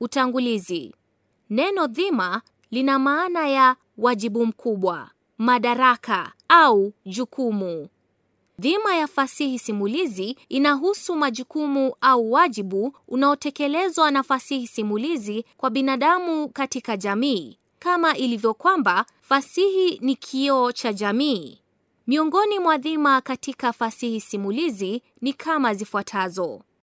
Utangulizi. Neno dhima lina maana ya wajibu mkubwa, madaraka au jukumu. Dhima ya fasihi simulizi inahusu majukumu au wajibu unaotekelezwa na fasihi simulizi kwa binadamu katika jamii, kama ilivyo kwamba fasihi ni kioo cha jamii. Miongoni mwa dhima katika fasihi simulizi ni kama zifuatazo.